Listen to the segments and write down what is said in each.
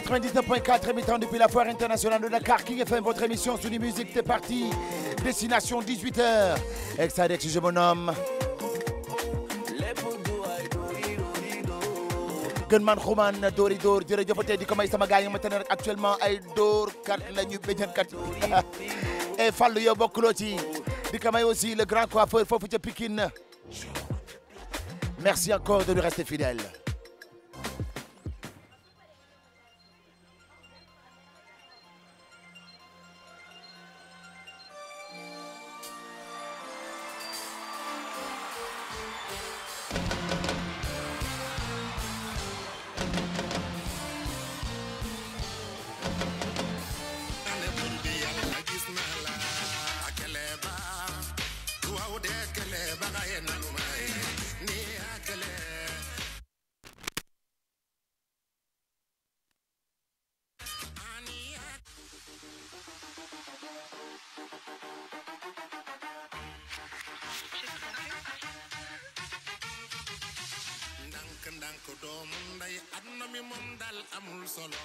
99.4 émettant depuis la foire internationale de Dakar, qui fait votre émission sous les musiques, c'est parti. Destination 18h. Exadex, je me nomme. Gunman Xuman Dóori Dóor jërëjëfatee di ko may sama gars yi ma tane rek actuellement ay Dor, kat la ñu béjjën kat et Fallu yow bokkuloo ci di aussi le grand coiffeur Fofu ca Pikine merci encore de nous rester fidèle. ndànk doomu nday adna mi mom dal amul solo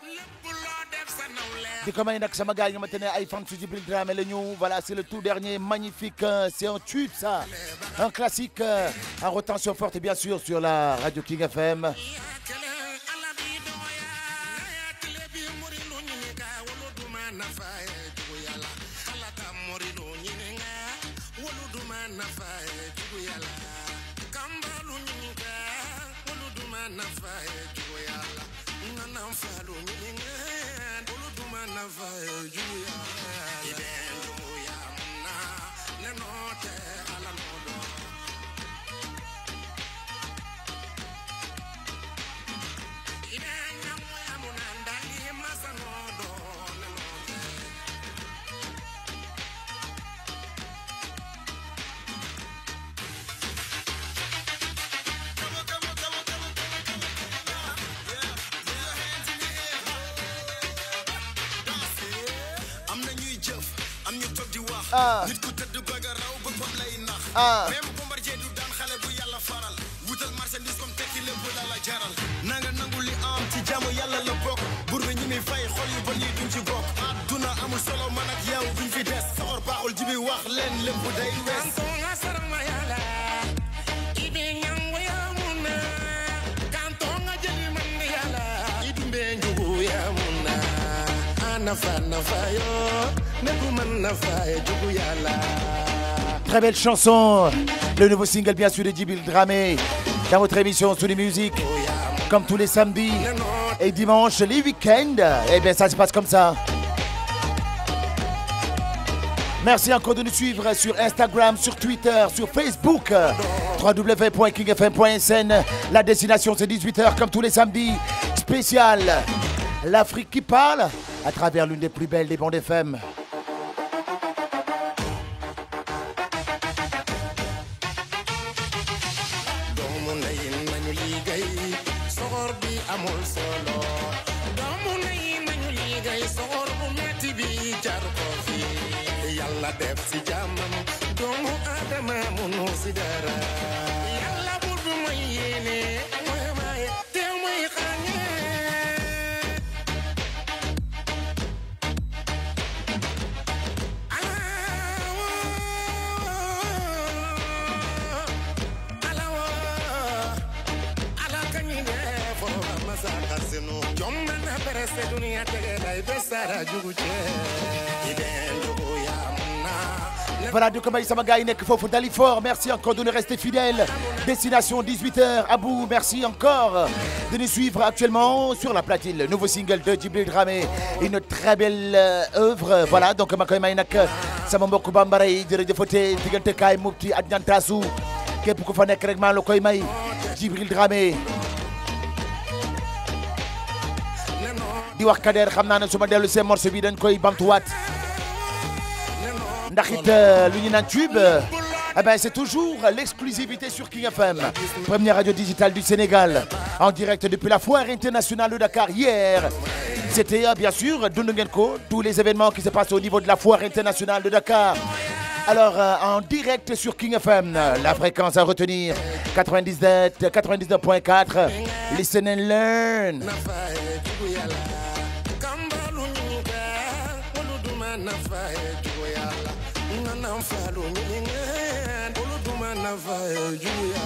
lepp lo def sa naw le di ko may nak sama gars yi nga xamante ay fan su Djibril Dramé la ñu voilà c'est le tout dernier magnifique euh, c'est un tube ça un classique euh, en retention forte bien sûr sur la radio King FM nafa na fae juya na na falu mininga bulu duma na fae juya Ah. ku tëdd bëgg lay nax même du xale bu yàlla faral wutal marchandise comme tekki la jaral am ci yàlla la bur ni fay xol yu yi ci amul solo man ak buñ fi jibi wax lépp day na fa na fa yo Très belle chanson, le nouveau single bien sûr de Djibril Dramé dans votre émission Sous les musiques, comme tous les samedis et dimanche les week-ends. Et eh bien ça se passe comme ça. Merci encore de nous suivre sur Instagram, sur Twitter, sur Facebook. www.kingfm.sn. La destination c'est 18h comme tous les samedis. Spécial l'Afrique qui parle à travers l'une des plus belles des bandes FM. yàlla def si jàmmam doomu aadama munu si dara yàlla bur bi mooy yéene Jom na na perese dunia tege dai besara jugu che Idendo voilà donc may sama gars merci encore de nous rester fidèles destination 18h Abou merci encore de nous suivre actuellement sur la platine nouveau single de Djibril Dramé une très belle euh, œuvre voilà donc Makoy Maïnak, may nag sama mbokk de yi jërëjëfate diggante kaay mubti ak ñantaasu fa rek may Djibril Dramé di Kader Khamnan, naa le su ma dellu bi koy euh, l'union tube eh ben c'est toujours l'exclusivité sur King FM première radio digitale du Sénégal en direct depuis la foire internationale de Dakar hier c'était euh, bien sûr dund tous les événements qui se passent au niveau de la foire internationale de Dakar alors euh, en direct sur King FM la fréquence à retenir 97 99.4 listen and learn I, ngilingan oluduma navayo juya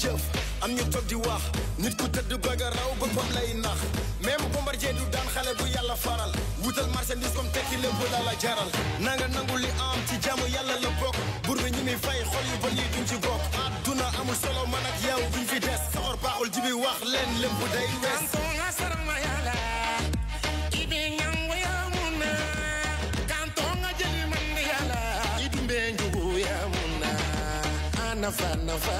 jëf am ñu toog di wax nit ku tëdd bëgg a raw boppam lay nax même bombardier du daan xale bu yàlla faral wutal marchandise comme tekki lépp la la jaral na nangu li am ci jaamu yàlla la bokk bur bi ñu fay xol yu bon yi duñ ci bokk àdduna amul solo man ak yow duñ fi des soxor baaxul jibi wax leen lépp day des na nafa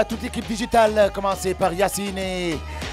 à toute l'équipe digitale commencé par Yacine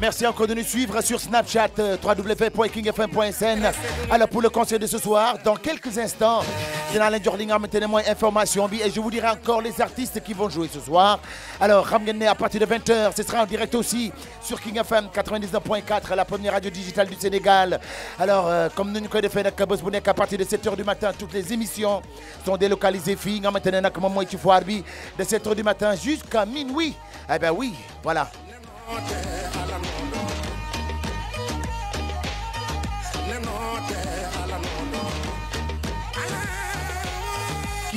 Merci encore de nous suivre sur Snapchat euh, www.kingfm.sn. Alors pour le conseil de ce soir, dans quelques instants, information et je vous dirai encore les artistes qui vont jouer ce soir alors ramener à partir de 20h ce sera en direct aussi sur King FM 99.4 la première radio digitale du Sénégal alors euh, comme nous nous connaissons à partir de 7h du matin toutes les émissions sont délocalisées fin maintenant maintenant comment moi de 7h du matin jusqu'à minuit eh ben oui voilà.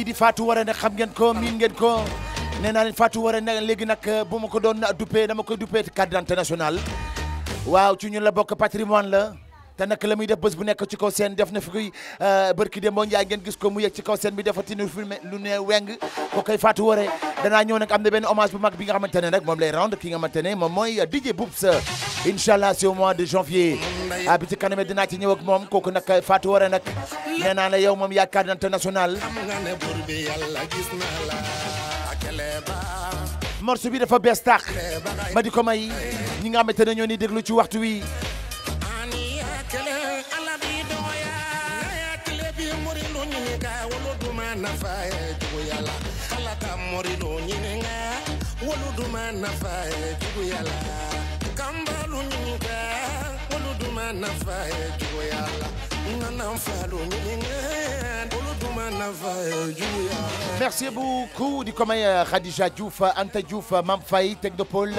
di Fatou Waré nag xam ngeen ko miin ngeen ko nee naa leen Fatou Waré nag léegi nag euh, bu ma ko doon duppee dama koy duppee carte d'identité nationale waaw ci ñu la bokk patrimoine la te nag la muy def bés bu nekk ci kaw seen def na fi kuy euh, barki de moo njaay ngeen gis ko mu yegg ci kaw seen bi defa nu filmé lu ne weng ko koy Fatou Waré danaa ñëw nag am na benn hommage bu mag bi nga xamante ne nag moom lay rendre ki nga xamante ne moom mooy DJ incha allah c'est au mois de janvier a ah, bi ci kaname dinaa ci ñëw ak moom kooku nag Fatou Waré nag nee naa la yow moom yaakaar international morceau bi dafa bees tàq ma di ko may ñi nga xamante ne ñoo ni déglu ci waxtu wi nafa ye juguya la ala ka mɔrido ɲininka wolu duma nafa ye juguya la kanbalu ɲininka wolu duma nafa ye juguya la Merci beaucoup du commandant euh, Khadija Diouf, Anta Diouf, Mamfaï, Technopole,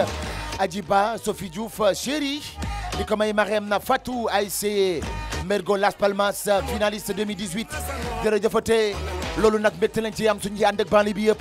Adiba, Sophie Diouf, Chérie, du commandant Mariam Fatou, AIC, Mergo Las Palmas, finaliste 2018 de Radio loolu nag mbégte lañ ci am suñu ànd ak banlieue bi yëpp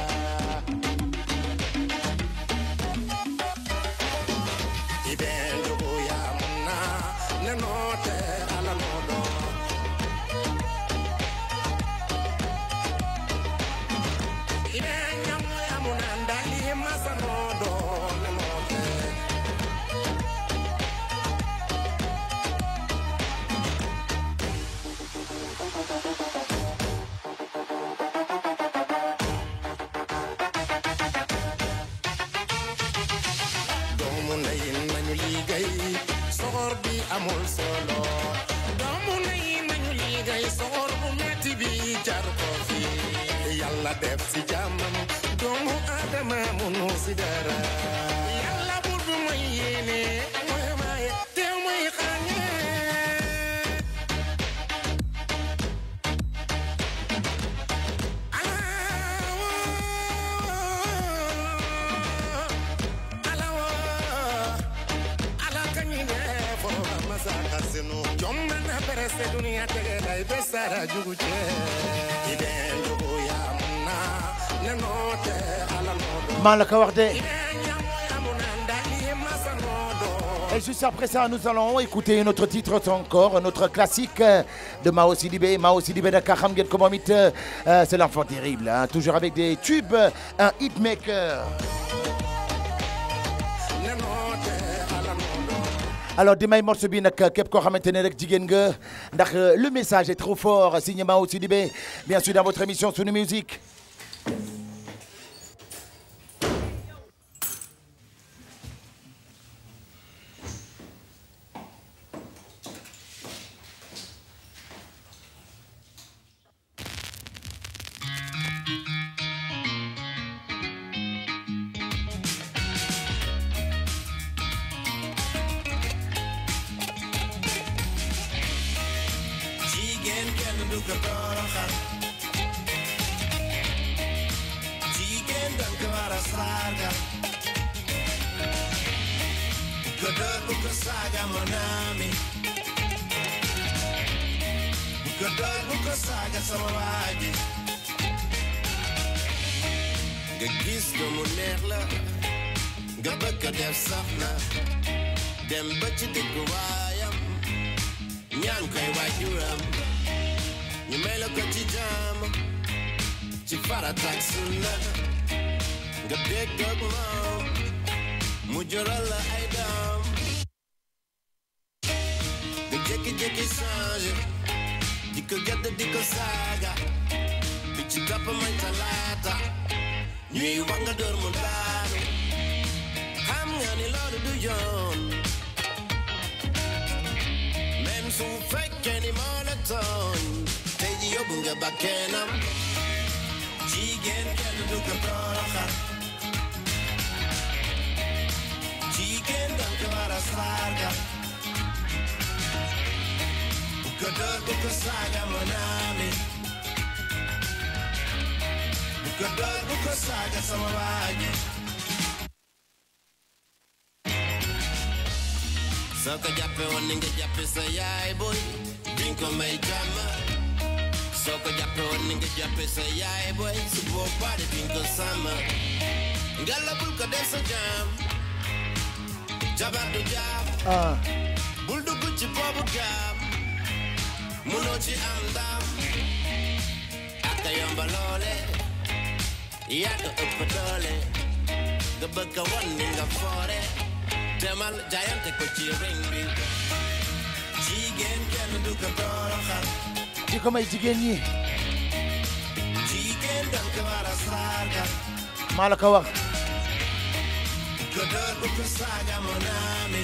Mal Et juste après ça, nous allons écouter notre titre encore, notre classique de Mao Sidibé. Mao Sidibé de Hamget Komomit, euh, c'est l'enfant terrible, hein. toujours avec des tubes, un hitmaker. alors demain, ce morceau bi nag képp koo xamante rek nga euh, le message est trop fort signé Mao Sidibé bien sûr dans votre émission une Musique larga. Gödör buka saga manami. Gödör buka saga samawaji. Nga gis na mu na. Dem ba ci digg waayam. Ñaan koy waajuram. Ñu may la ko taksuna the big dog moom mu jural la The doom nga jékki-jékki changé di ko gedd di ko saaga bi ci topp mañ talaata you want the dóor mu daanu xam nga ni loolu du yoon même su fekkee ni moo la tooñ tey ji yóbbu nga bakkenam jigéen Kadar kusanya mwanami Kadar kusanya samawanya Saka jape waninga jape sayai boy Dinko mai jama Saka jape waninga jape sayai boy Subo pare dinko sama Ngala bulka desa jam Jabar do jam Buldu kuchi bobu gam munoo ci am ndam yomba loole yaa ko ëpp doole nga bëgg won ni foore demal jaayante ko ci ring bi jigéen kenn du ko toroxal di ko may jigéen ñi jigéen dañ ko war a maa la ko wax door bu ko saaga mu naami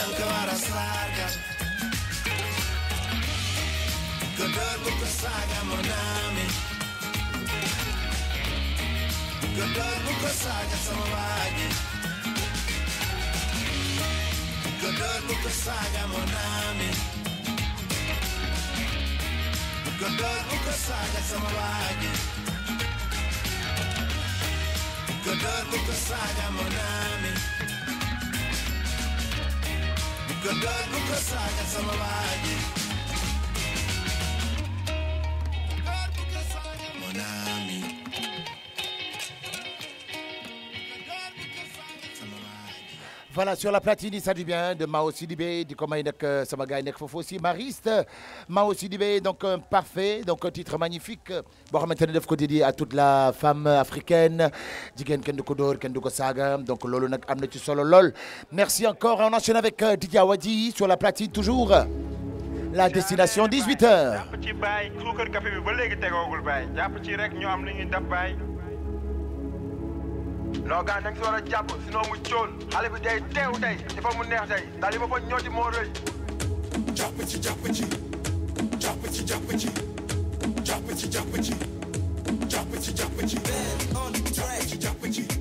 Cancaras largas Gedormu kesaga menami Gedormu kesaga sama lagi Gedormu kesaga menami Gedormu kesaga sama lagi Gedormu kesaga menami Kadar bu kasaca samavadi voilà sur la platine il s'agit bien de Mao Sidibé du ko may nag mariste euh, Mao Sidibé donc euh, parfait donc titre magnifique boo maintenant, ne daf ko dédié à toute la femme africaine Digen kenn Kendukosaga, ko ko donc lolo nak am solo merci encore on enchaîne avec euh, Didier Awadji sur la platine toujours la destination 18h. non gars na nga si war a jàpp sinon mu coon xale bi day teew tey dafa mu neex tey daal li ma fa ñooti moo rëy jàpp ci jàpp ci jàpp ci jàpp ci jàpp ci jàpp ci jàpp ci jàpp ci jàpp ci jàpp ci